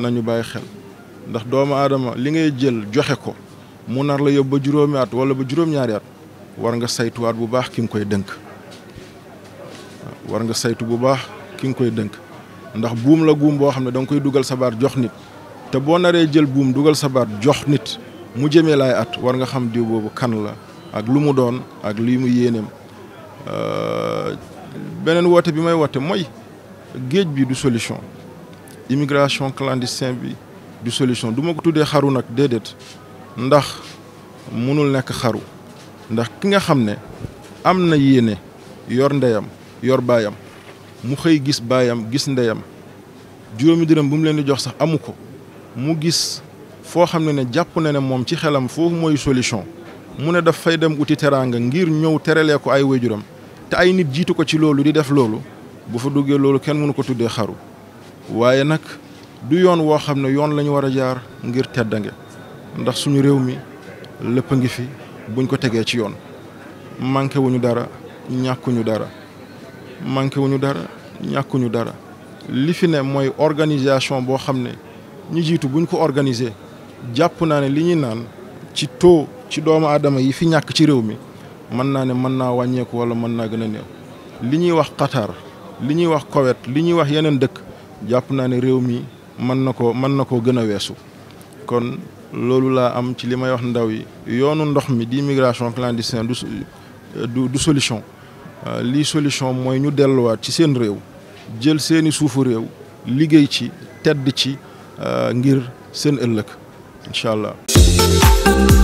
nañu bàyyi xel ndax doomu aadama li ngay jël joxe ko mu nar la yóbbu ba juróomi at wala ba juróom-ñaari at war nga saytuwaat bu baax ki nga koy dënk war nga saytu bu baax ki nga koy dënk ndax buum la guum boo xam ne danga koy dugal sa baat jox nit te boo naree jël buum dugal sa baat jox nit mu jëmee laay at war nga xam diw boobu kan la ak lu mu doon ak lii mu yéeneem euh, beneen woote bi may wote mooy géej bi du solution immigration clandestine bi du solution du ma ko tuddee xaru nag déedéet ndax mënul nekk xaru ndax ki nga xam ne am na yéene yor ndeyam yor baayam mu xëy gis baayam gis ndeyam juróomi dërëm bu mu leen di jox sax amu ko mu gis foo xam ne ne jàpp na ne moom ci xelam foo mooy solution mu ne daf fay dem wuti teraanga ngir ñëw teralee ko ay waajuram te ay nit jiitu ko ci loolu di def loolu bu fa duggee loolu kenn mënu ko tuddee xaru waaye nag du yoon woo xam ne yoon la ñu war a jaar ngir teddange ndax suñu réew mi lépp a ngi fi buñ ko tegee ci yoon manqué wuñu dara ñàkkuñu dara manqué wuñu dara ñàkkuñu dara li fi ne mooy organisation boo xam ne ñu jiitu buñ ko organiser jàpp naa ne li ñuy naan ci taux ci doomu aadama yi fi ñàkk ci réew mi mën naa ne mën naa wàññeeku wala mën naa gën a néew li ñuy wax Qatar li ñuy wax kowet li ñuy wax yeneen dëkk jàpp naa ne réew mi mën na ko mën na koo gën a weesu kon loolu laa am ci li may wax ndaw yi yoonu ndox mi di immigration clandestine du du du solution euh, lii solution mooy ñu delluwaat ci seen réew jël seeni suufu réew liggéey ci tedd ci euh, ngir seen ëllëg incha allah